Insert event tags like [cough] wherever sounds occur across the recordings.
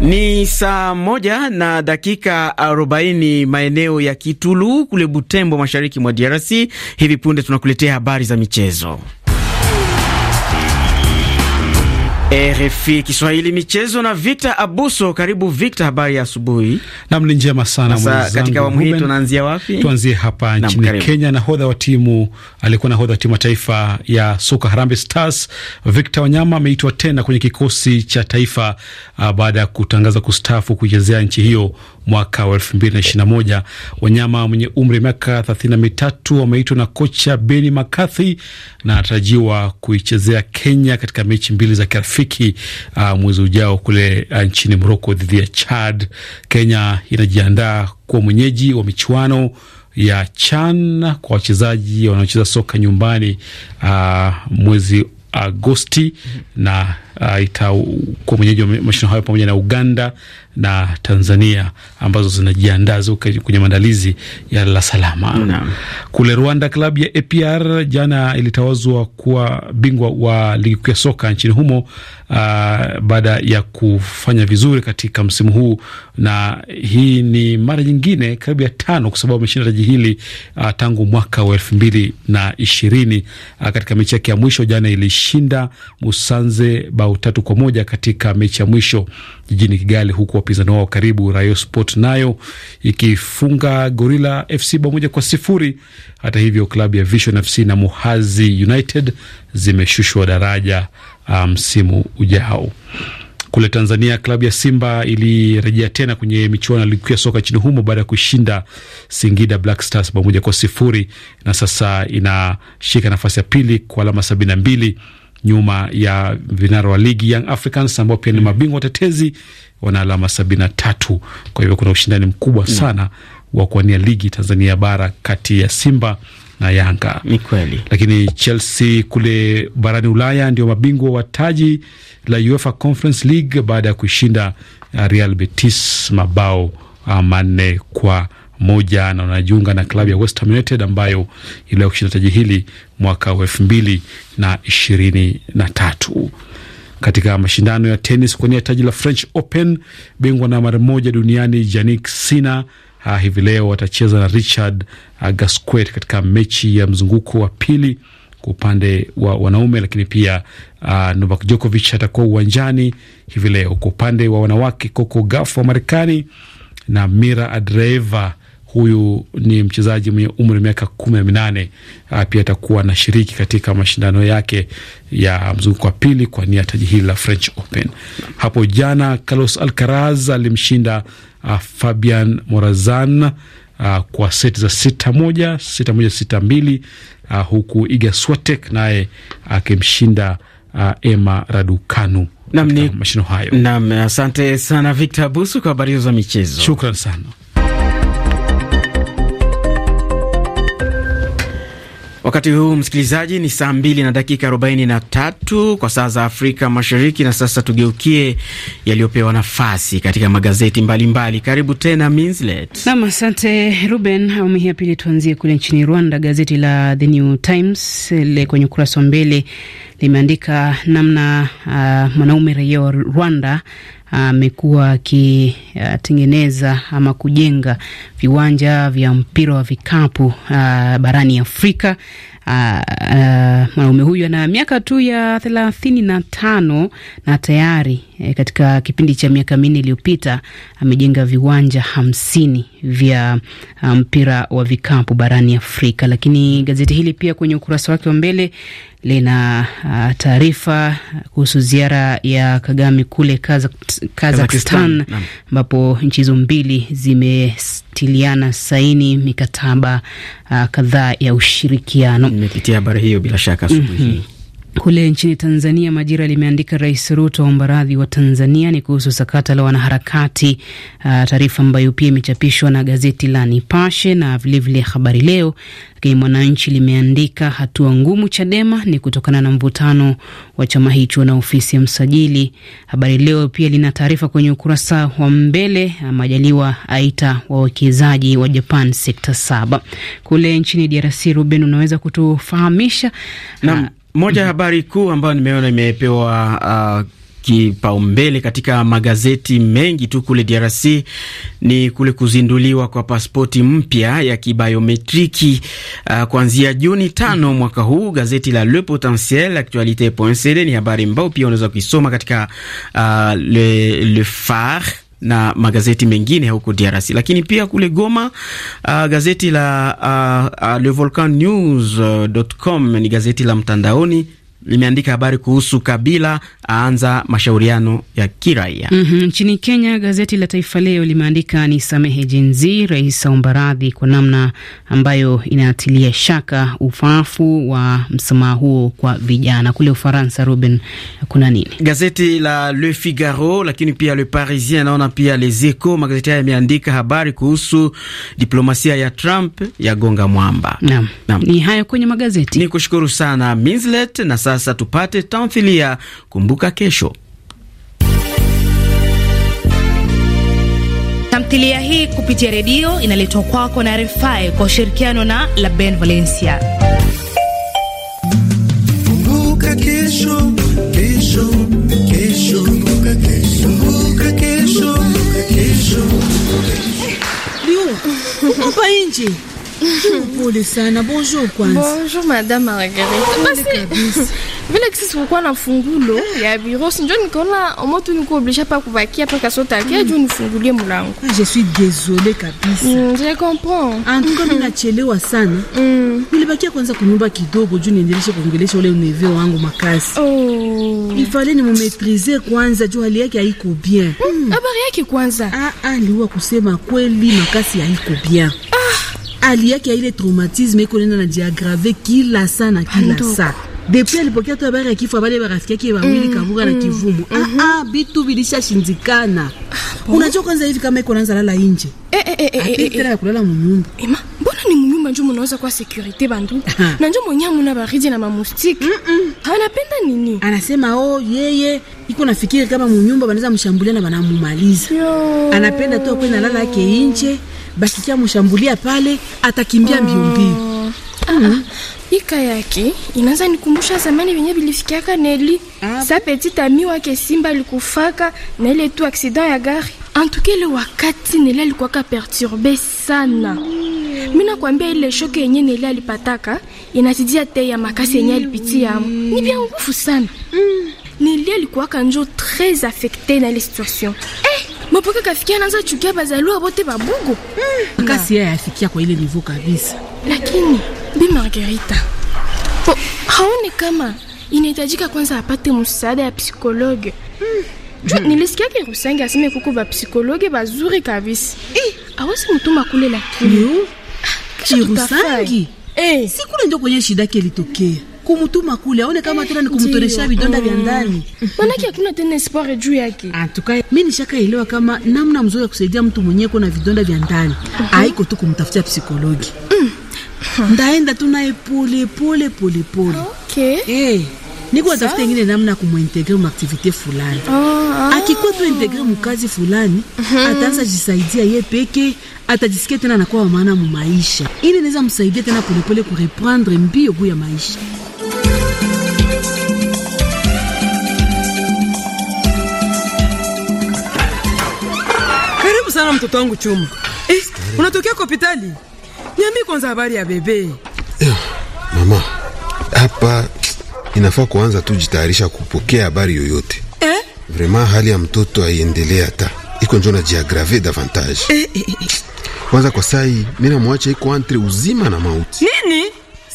Ni saa moja na dakika arobaini maeneo ya Kitulu kule Butembo, mashariki mwa DRC. Hivi punde tunakuletea habari za michezo. RFI Kiswahili michezo na Victor Abuso. Karibu Victor, habari ya asubuhi. Nam ni njema sana mwenzangu. Katika awamu hii tunaanzia wapi? Tuanzie hapa nchini Kenya. Nahodha wa timu alikuwa nahodha wa timu ya taifa ya soka Harambee Stars Victor Wanyama ameitwa tena kwenye kikosi cha taifa uh, baada ya kutangaza kustaafu kuchezea nchi hiyo mwaka wa elfu mbili na ishirini na moja. Wanyama mwenye umri wa miaka thelathini na mitatu ameitwa na kocha Beni McCarthy na anatarajiwa kuichezea Kenya katika mechi mbili za kirafiki Urafiki uh, mwezi ujao kule uh, nchini moroko dhidi ya Chad. Kenya inajiandaa kuwa mwenyeji wa michuano ya CHAN kwa wachezaji wanaocheza soka nyumbani uh, mwezi Agosti na uh, itakuwa mwenyeji wa mashindano hayo pamoja na Uganda na Tanzania ambazo zinajiandaa kwenye maandalizi ya la salama na. Kule Rwanda, klabu ya APR jana ilitawazwa kuwa bingwa wa ligi kuu ya soka nchini humo uh, baada ya kufanya vizuri katika msimu huu, na hii ni mara nyingine klabu ya tano kwa sababu ameshinda taji hili uh, tangu mwaka wa elfu mbili na ishirini uh, katika mechi yake ya mwisho jana ilishinda Musanze ba bao tatu kwa moja katika mechi ya mwisho jijini Kigali, huku wapinzani wao karibu Rayo Sport nayo ikifunga Gorilla FC bao moja kwa sifuri. Hata hivyo klabu ya Vision FC na Muhazi United zimeshushwa daraja ah, msimu um, ujao. Kule Tanzania, klabu ya Simba ilirejea tena kwenye michuano ya ligi kuu ya soka nchini humo baada ya kushinda Singida Black Stars bao moja kwa sifuri na sasa inashika nafasi ya pili kwa alama sabini na mbili nyuma ya vinara wa ligi Young Africans ambao pia ni mm. mabingwa watetezi, wana alama sabini na tatu. Kwa hivyo kuna ushindani mkubwa mm. sana wa kuwania ligi Tanzania bara kati ya Simba na Yanga. Ni kweli. Lakini Chelsea kule barani Ulaya ndio mabingwa wa taji la UEFA Conference League baada ya kuishinda uh, Real Betis mabao uh, manne kwa moja na wanajiunga na klabu ya West Ham United ambayo iliwahi kushinda taji hili mwaka wa elfu mbili na ishirini na tatu. Katika mashindano ya tenis kuwania taji la French Open, bingwa na mara moja duniani Jannik Sinner Ha, ah, hivi leo atacheza na Richard uh, Gasquet katika mechi ya mzunguko wa pili kwa upande wa wanaume, lakini pia uh, Novak Djokovic atakuwa uwanjani hivi leo. Kwa upande wa wanawake, Coco Gauff wa Marekani na Mira Andreeva Huyu ni mchezaji mwenye umri wa miaka kumi na minane. Ah, pia atakuwa anashiriki katika mashindano yake ya mzunguko wa pili kwa nia taji hili la French Open. Hapo jana Carlos Alcaraz alimshinda uh, Fabian Morazan uh, kwa seti za sita moja, sita moja, sita mbili uh, huku Iga Swiatek naye akimshinda uh, uh, Emma Raducanu. Nam, asante sana Victor Busu kwa habari hizo za michezo. Shukran sana. Wakati huu msikilizaji, ni saa mbili na dakika arobaini na tatu kwa saa za Afrika Mashariki. Na sasa tugeukie yaliyopewa nafasi katika magazeti mbalimbali mbali. Karibu tena Minslet. Nam, asante Ruben. Awamu hii ya pili tuanzie kule nchini Rwanda. Gazeti la The New Times eh, le kwenye ukurasa wa mbele limeandika namna uh, mwanaume raia wa Rwanda uh, amekuwa uh, akitengeneza uh, ama kujenga viwanja vya mpira wa vikapu uh, barani Afrika Ah, ah, mwanaume huyu ana miaka tu ya thelathini na tano na tayari e, katika kipindi cha miaka minne iliyopita amejenga viwanja hamsini vya ah, mpira um, wa vikapu barani Afrika. Lakini gazeti hili pia kwenye ukurasa wake wa mbele lina uh, taarifa kuhusu ziara ya Kagame kule Kazakhstan, ambapo nchi hizo mbili zimetiliana saini mikataba Uh, kadhaa ya ushirikiano. Nimepitia habari hiyo bila shaka asubuhi mm -hmm. Kule nchini Tanzania, Majira limeandika Rais Ruto aomba radhi wa Tanzania. Ni kuhusu sakata la wanaharakati uh, taarifa ambayo pia imechapishwa na gazeti la Nipashe na vilevile Habari Leo. Lakini Mwananchi limeandika hatua ngumu Chadema ni kutokana na mvutano wa chama hicho na ofisi ya msajili. Habari Leo pia lina taarifa kwenye ukurasa wa mbele, uh, Majaliwa aita wawekezaji wa Japan sekta saba. Kule nchini DRC, Ruben, unaweza kutufahamisha na moja ya habari kuu ambayo nimeona imepewa uh, kipaumbele katika magazeti mengi tu kule DRC ni kule kuzinduliwa kwa pasipoti mpya ya kibayometriki uh, kuanzia Juni tano mwaka huu. Gazeti la Le Potentiel Actualite.cd ni habari ambayo pia unaweza kuisoma katika uh, le, le Phare na magazeti mengine huko DRC. Lakini pia kule Goma, uh, gazeti la uh, uh, levolcannews.com uh, ni gazeti la mtandaoni limeandika habari kuhusu Kabila aanza mashauriano ya kiraia mhm, nchini mm -hmm. Kenya, gazeti la Taifa Leo limeandika ni samehe jenzi, rais aomba radhi kwa namna ambayo inaatilia shaka ufaafu wa msamaha huo kwa vijana. Kule Ufaransa, Ruben, kuna nini? Gazeti la Le Figaro lakini pia Le Parisien, naona pia Les magazeti haya yameandika habari kuhusu diplomasia ya Trump ya gonga mwamba. Naam, ni hayo kwenye magazeti. Ni kushukuru sana Minslet na sasa tupate tamthilia Kumbuka Kesho. Tamthilia hii kupitia redio inaletwa kwako na RFI kwa ushirikiano na Laben Valencia. Kumbuka kesho, kesho, kesho, kumbuka kesho, kumbuka kesho, kumbuka kesho. Liu, Pole sana. Bonjour kwanza. Bonjour Madame Margarita. Basi vile kisi sikukuwa na fungulo ya biro, sinjo nikaona omo niko obligé pa kuvakia pa kasota kia juu nifungulie mlango. Je suis désolée kabisa. Mm, je comprends. En tout cas mimi nachelewa sana. Mm. Nilibakia kwanza kunyumba kidogo juu niendeleshe kuongelesha ule uneve wangu makasi. Oh. Il fallait ni mumetrize kwanza juu hali yake haiko bien. Habari yake kwanza. Ah ah, liwa kusema kweli makasi haiko bien. Ah hali yake ya ile traumatisme iko nenda najiagrave kila saa na kila saa depuis alipokea tu habari ya kifo, bale barafiki yake wawili mm, na mm. Kivumu. Ah mm-hmm. ah, bitu vilishashindikana. Ah, Unajua kwanza hivi kama iko naanza lala nje eh, eh, eh, eh kulala munyumba mbona ni munyumba ndio mnaweza kwa security bandu [laughs] na ndio mwenyamu na baridi na mamustiki anapenda nini? Anasema oh, yeye iko nafikiri kama munyumba banaweza mshambulia na banamumaliza. Anapenda tu akwenda lala yake nje basikia mshambulia pale atakimbia mbio mbio. Mm. Ika yake inaanza nikumbusha zamani venye vilifikiaka Neli ah, sa petite ami wake Simba alikufaka na ile tu accident ya gari. En tout cas ile wakati Neli alikuwaka perturbe sana. Mm. Mimi nakwambia ile shoke yenye Neli alipataka inasidia te ya makasi yenye alipitia. Mm. Ni bien ngufu sana. Mm. Neli alikuwaka njo très affecté na ile situation mapaka kafikia naanza chukia bazaliwa wote babugo mm. Akasi yeye afikia kwa ile niveau kabisa, lakini Bi Margarita po, haone kama inahitajika kwanza apate msaada ya psikologe mm. Mm. Nilisikiake Rusange aseme kuko ba bazuri kabisa eh. Awezi mtuma kule lakini ah, Rusange eh. Sikule ndio kwenye shida yake kumutuma kule aone kama tena ni kumtoresha vidonda vya mm. ndani, manake hakuna tena espoir juu yake. Atukae ah, mimi nishakaelewa kama namna mzuri ya kusaidia mtu mwenye kuna vidonda vya ndani haiko tu kumtafutia psikologi. Mm. Ndaenda tu naye pole pole pole pole, okay. Eh, niko tafuta ingine namna ya mu muaktivite fulani. Ah, ah. Akikuwa tu integre mu kazi fulani, mhm. ataanza jisaidia ye peke, atajisikia tena anakuwa wa maana mu maisha. Ili naweza msaidia tena polepole kureprendre mbio juu ya maisha. sana mtoto wangu Chuma. Eh, unatokea kwa hospitali? Niambie kwanza habari ya bebe. Eh, mama. Hapa inafaa kuanza tu jitayarisha kupokea habari yoyote. Eh? Vraiment hali ya mtoto haiendelee hata. Iko njoo na jiagrave davantage. Eh, eh, eh. eh. Kwanza kwa sai, mimi namwacha iko antre uzima na mauti. Nini?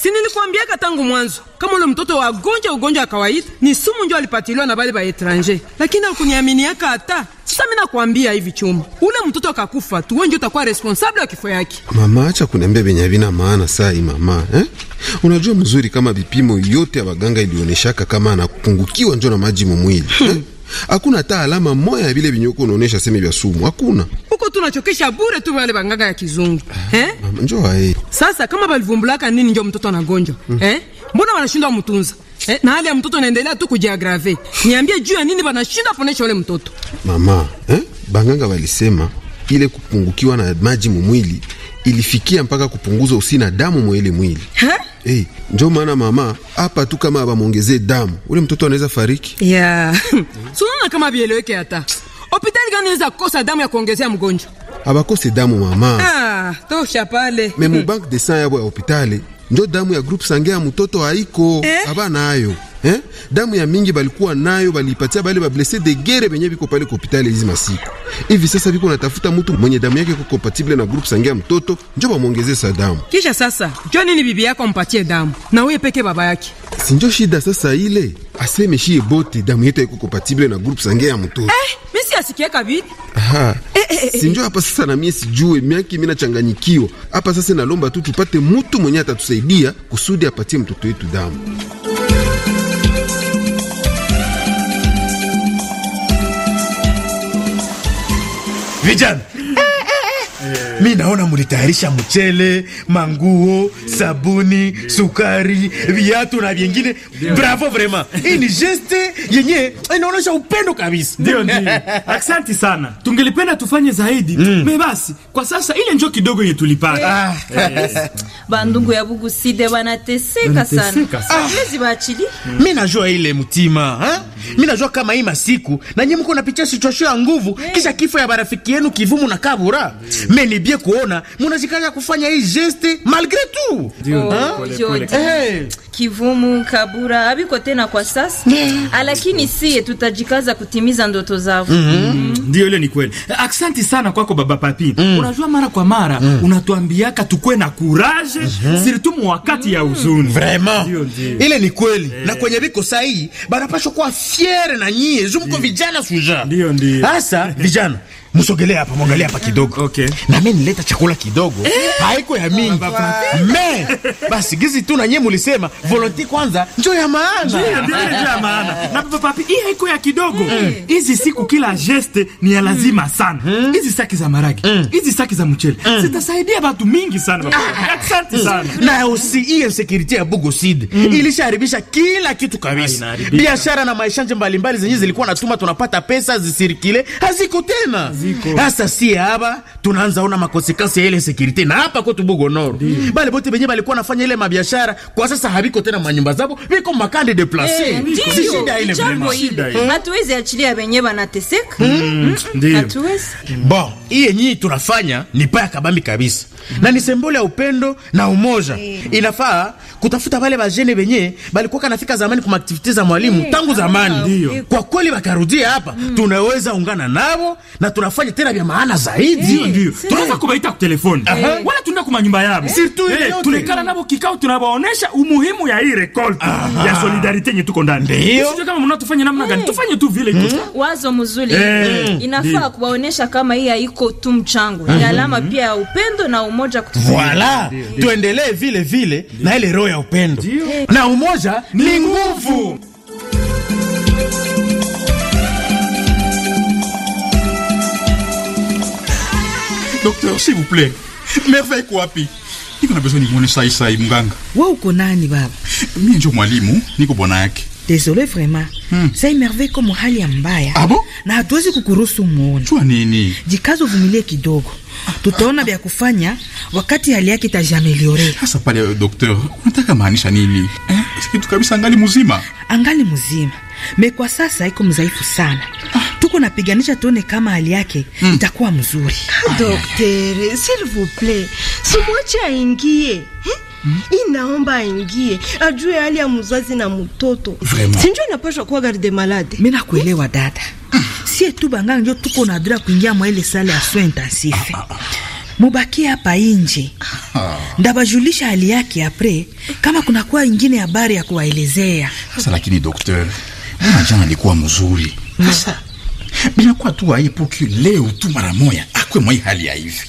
Si nilikwambiaka tangu mwanzo kama ule mtoto wagonja ugonjwa wa kawaida ni sumu njo alipatiliwa na bale ba etranje, lakini akuniaminiaka hata sasa. Mimi nakwambia hivi Chuma, ule mtoto akakufa tu, wewe ndio utakuwa responsable wa kifo yake. Mama, acha kuniambia benye vina maana saa hii mama, eh? Unajua mzuri kama vipimo yote ya waganga ilioneshaka kama anapungukiwa njo na maji mumwili, hmm. eh? Hakuna hata alama moya ya vile vinyoko unaonesha sema vya sumu, hakuna huko tunachokesha bure tu wale banganga ya kizungu ah, eh. Njoo hii eh. sasa, kama balivumbulaka nini njo mtoto anagonjwa mm. eh, mbona wanashindwa mtunza eh, na hali ya mtoto inaendelea tu kujiagrave. Niambie juu ya nini wanashindwa ponesha ule mtoto mama eh? Banganga walisema ile kupungukiwa na maji mumwili ilifikia mpaka kupunguza usina damu mwele mwili hey, eh, njo maana mama hapa tu kama bamwongezee damu ule mtoto anaweza fariki yeah. [laughs] Sunana kama vieleweke hata Hospitali gani inaweza kukosa damu ya kuongezea mgonjwa? Abakose damu mama. Ah, tosha pale. Memu bank de sang yabo ya hospitali njo damu ya group sange ya mtoto haiko eh? nayo ayo eh? Damu ya mingi balikuwa nayo balipatia bale ba blessé de guerre benye biko pale hospitali hizi masiku hivi sasa, biko natafuta mtu mwenye damu yake iko compatible na group sangia mtoto, njoo bamwongezee sa damu. Kisha sasa njoo nini bibi yako ampatie damu na wewe peke baba yake, si njoo shida sasa ile aseme shie bote damu yetu iko compatible na group sangia ya mtoto eh? Mimi si asikie kabisa aha eh, eh, eh. Sinjo eh. hapa sasa, na mimi sijue miaki mimi nachanganyikiwa hapa sasa, nalomba tu tupate mtu mwenye atatusaidia kusudi apatie mtoto wetu damu. Vicdan. mi naona mulitayarisha mchele, manguo, sabuni, sukari, viatu na vingine. Bravo vraiment, hii ni geste yenye inaonyesha upendo kabisa. Ndio, ndio, asante sana. Tungelipenda tufanye zaidi mm. Me basi kwa sasa ile njo kidogo yenye tulipata ah, ah, bandugu ya Buguside wanateseka sana siwezi ah, baachili mm. mi najua ile mtima mi najua kama hii masiku na nyinyi mko napitia sichosho ya nguvu hey. Eh. kisha kifo ya barafiki yenu Kivumu na Kabura me ni bien mwenye kuona munashikaga kufanya hii geste malgre tout eh, eh. Kivumu Kabura abiko tena kwa sasa yeah. Lakini siye tutajikaza kutimiza ndoto zao mhm. mm-hmm. ndio. mm -hmm. mm -hmm. Ile ni kweli. Eh, aksanti sana kwako baba Papi. mm. Unajua mara kwa mara mm. unatuambiaka tukwe na kuraje mm -hmm. surtout wakati mm. ya uzuni vraiment. Dio, Ile ni kweli eh. Na kwenye viko sahi banapashwa kuwa fiere na nyie zumko vijana suja ndio ndio hasa vijana [laughs] msogelee hapa, mwangalie hapa kidogo. Okay. Na mimi nileta chakula kidogo. Eh? Haiko ya mimi baba. Me, basi gizi tu na nyie mlisema volonti kwanza njo ya maana. Ndio ndio ya maana. Na baba papi, hii haiko ya kidogo. Eh. Hizi siku kila geste ni ya lazima hmm. sana. Hmm. Hizi saki za maragi, hmm. hizi saki za mchele zitasaidia watu mingi sana. baba. Ah. Asante sana. Na usi hii security ya Bugo Bugoside ilisharibisha kila kitu kabisa. Biashara na maisha mbalimbali zenyewe zilikuwa natuma tunapata pesa zisirikile haziko tena. Sasa si hapa tunaanza ona makonsekansi ya ile security na hapa kwetu Bugonoro, Bale bote benye balikuwa nafanya ile mabiashara kwa sasa habiko tena manyumba zabo, biko makande de place. Eh, si shida ile shida vraiment. Hmm? Hatuwezi achilia benye banateseka. Hmm? Hmm? Ndio. Hatuwezi. Bon, hii yenyewe tunafanya ni paya kabambi kabisa. Na ni sembole ya upendo na umoja. Eh. Inafaa kutafuta wale bajene benye balikuwa kanafika zamani kwa activity za mwalimu eh, tangu ah, zamani. Kwa kweli bakarudia hapa tunaweza ungana nabo na tuna kufanya tena vya maana zaidi. Ndio, tunaweza kubaita kwa telefoni wala tunaenda kwa nyumba yao, ile eh, tunaikala nabo kikao, tunabaonesha umuhimu ya hii rekolte ya solidarity yetu tuko ndani. ndio Sio kama mnatufanya namna gani, hmm. tufanye tu vile iko hmm. wazo mzuri. Eh, hmm. Inafaa kuwaonesha kama hii haiko tu mchango, ni alama pia ya upendo na umoja kutusaidia. Wala tuendelee vile vile na ile roho ya upendo na umoja ni nguvu. Docteur, s'il vous plaît. Merveille kwa wapi? Niko na besoin nimwone sai sai mganga. Wewe uko nani baba? Mimi ndio mwalimu, niko bwana yake. Désolé vraiment. Hmm. Ça émerveille comme hali ya mbaya. Ah bon? Na hatuwezi kukuruhusu muone. Chua nini? Jikazo uvumilie kidogo. Tutaona vya kufanya wakati hali yake itajameliore. Sasa pale eh, docteur, unataka maanisha nini? Eh? Kitu kabisa angali mzima. Angali mzima. Me kwa sasa iko mzaifu sana. Ah huko napiganisha, tuone kama hali yake mm. itakuwa mzuri. Ah, Daktari, s'il vous plait, simwache aingie Hmm? hmm? Inaomba aingie ajue hali ya mzazi na mtoto, sinjo inapashwa kuwa garde malade. Mimi nakuelewa hmm? dada, hmm. sie tu banganga njo tuko na dura kuingia mwa ile sale ya soins intensifs ah, ah, mubakie hapa inje, ndabajulisha hali yake apre, kama kuna kuwa ingine habari ya kuwaelezea. Sasa lakini dokter, mwana jana alikuwa mzuri. Sasa Binakuwa tu haiepuki leo tu mara moja akwe mwai hali ya hivi.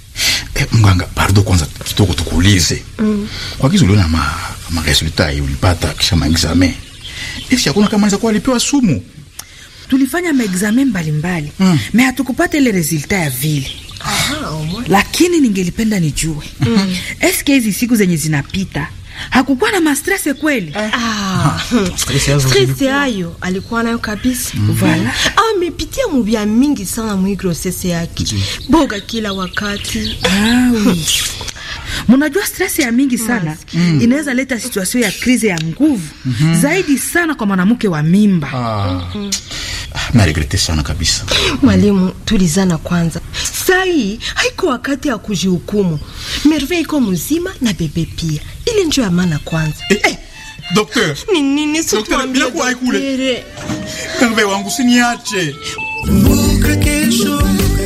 e, mganga, pardo kwanza kitoko tukuulize. Mm. Kwa kizu uliona ma, ma resulta ulipata kisha ma examen. Isi kama inaweza kuwa alipewa sumu. Tulifanya maexame mbalimbali. Mm. Me hatukupata ile resulta ya vile. Aha, lakini ningelipenda nijue. Mm. Eske hizi siku zenye zinapita hakukuwa na mastrese kweli eh. Ah, ah hmm. alikuwa nayo kabisa mm. Vala ah, amepitia mubia mingi sana muigrosese yake boga kila wakati ah, Munajua stress ya mingi sana mm. inaweza leta situasio ya krize ya nguvu mm -hmm. zaidi sana kwa mwanamke wa mimba ah. mm -hmm. naregrete sana kabisa mwalimu, tulizana kwanza. Sai haiko wakati ya kujihukumu. Merve iko mzima na bebe pia ile njoo ya maana kwanza. Eh, eh, docteur. Ni nini sio kule. Kambe wangu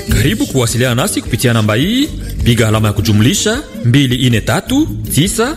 Karibu kuwasiliana nasi kupitia namba hii, piga alama ya kujumlisha 243 9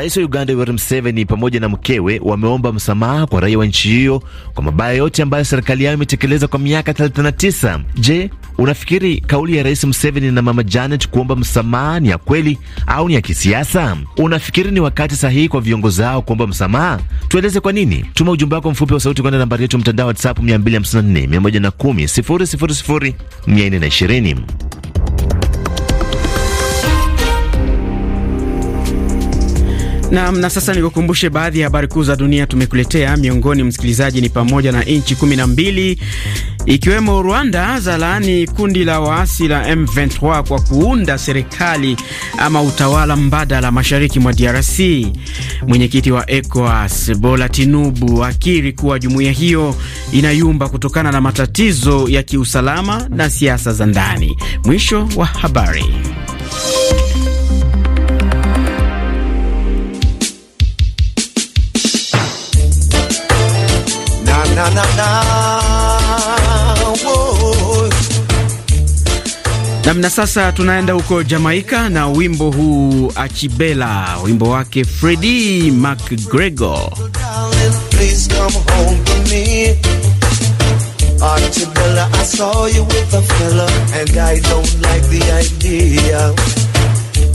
Rais wa Uganda Yoweri Museveni pamoja na mkewe wameomba msamaha kwa raia wa nchi hiyo kwa mabaya yote ambayo serikali yao imetekeleza kwa miaka 39. Je, unafikiri kauli ya Rais Museveni na Mama Janet kuomba msamaha ni ya kweli au ni ya kisiasa? Unafikiri ni wakati sahihi kwa viongozi hao kuomba msamaha? Tueleze kwa nini. Tuma ujumbe wako mfupi wa sauti kwenda nambari yetu mtandao WhatsApp 254 110 000 420. Naam, na sasa nikukumbushe baadhi ya habari kuu za dunia tumekuletea. Miongoni msikilizaji, ni pamoja na nchi kumi na mbili ikiwemo Rwanda zalaani kundi la waasi la M23 kwa kuunda serikali ama utawala mbadala mashariki mwa DRC. Mwenyekiti wa ECOWAS Bola Tinubu akiri kuwa jumuiya hiyo inayumba kutokana na matatizo ya kiusalama na siasa za ndani. Mwisho wa habari. namna. Sasa tunaenda huko Jamaika na wimbo huu Achibela, wimbo wake Freddie McGregor. Archibella,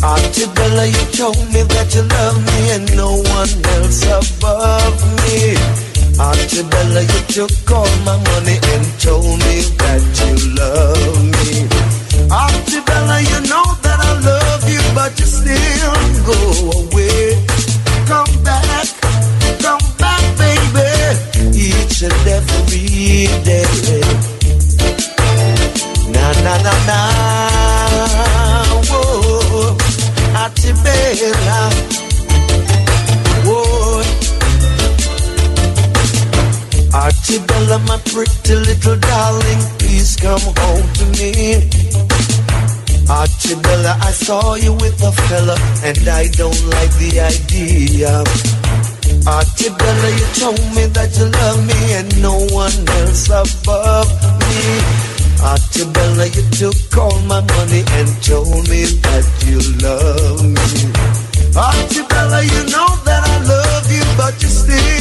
Archibella, you told me that you love me and no one else above me. Auntie you took all my money and told me that you love me. Auntie you know that I love you, but you still go away. Come back, come back, baby, each and every day. Na na na na, whoa, Auntie Bella, my pretty little darling, please come home to me. Bella, I saw you with a fella, and I don't like the idea. Bella, you told me that you love me, and no one else above me. Bella, you took all my money and told me that you love me. Bella, you know that I love you, but you still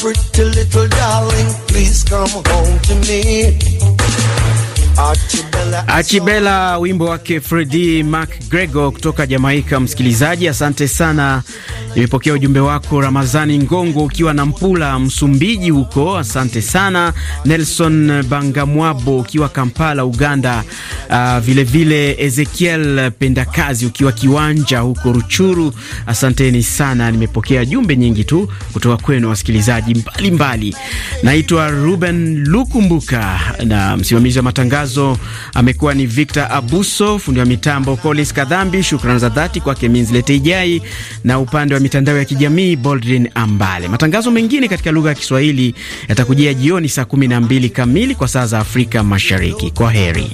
Pretty little darling, please come home to me. Achibela, wimbo wake Freddie McGregor kutoka Jamaika. Msikilizaji, asante sana Nimepokea ujumbe wako Ramazani Ngongo ukiwa na Mpula, Msumbiji huko, asante sana. Nelson Bangamwabo ukiwa Kampala, Uganda, vilevile ah, uh, vile Ezekiel Pendakazi ukiwa Kiwanja huko Ruchuru, asanteni sana. Nimepokea jumbe nyingi tu kutoka kwenu wasikilizaji mbalimbali. Naitwa Ruben Lukumbuka na msimamizi wa matangazo amekuwa ni Victor Abuso, fundi wa mitambo Collins Kadhambi. Shukrani za dhati kwake Minzilete Ijai na upande ya mitandao ya kijamii Boldrin Ambale. Matangazo mengine katika lugha ya Kiswahili yatakujia jioni saa 12 kamili kwa saa za Afrika Mashariki. Kwa heri.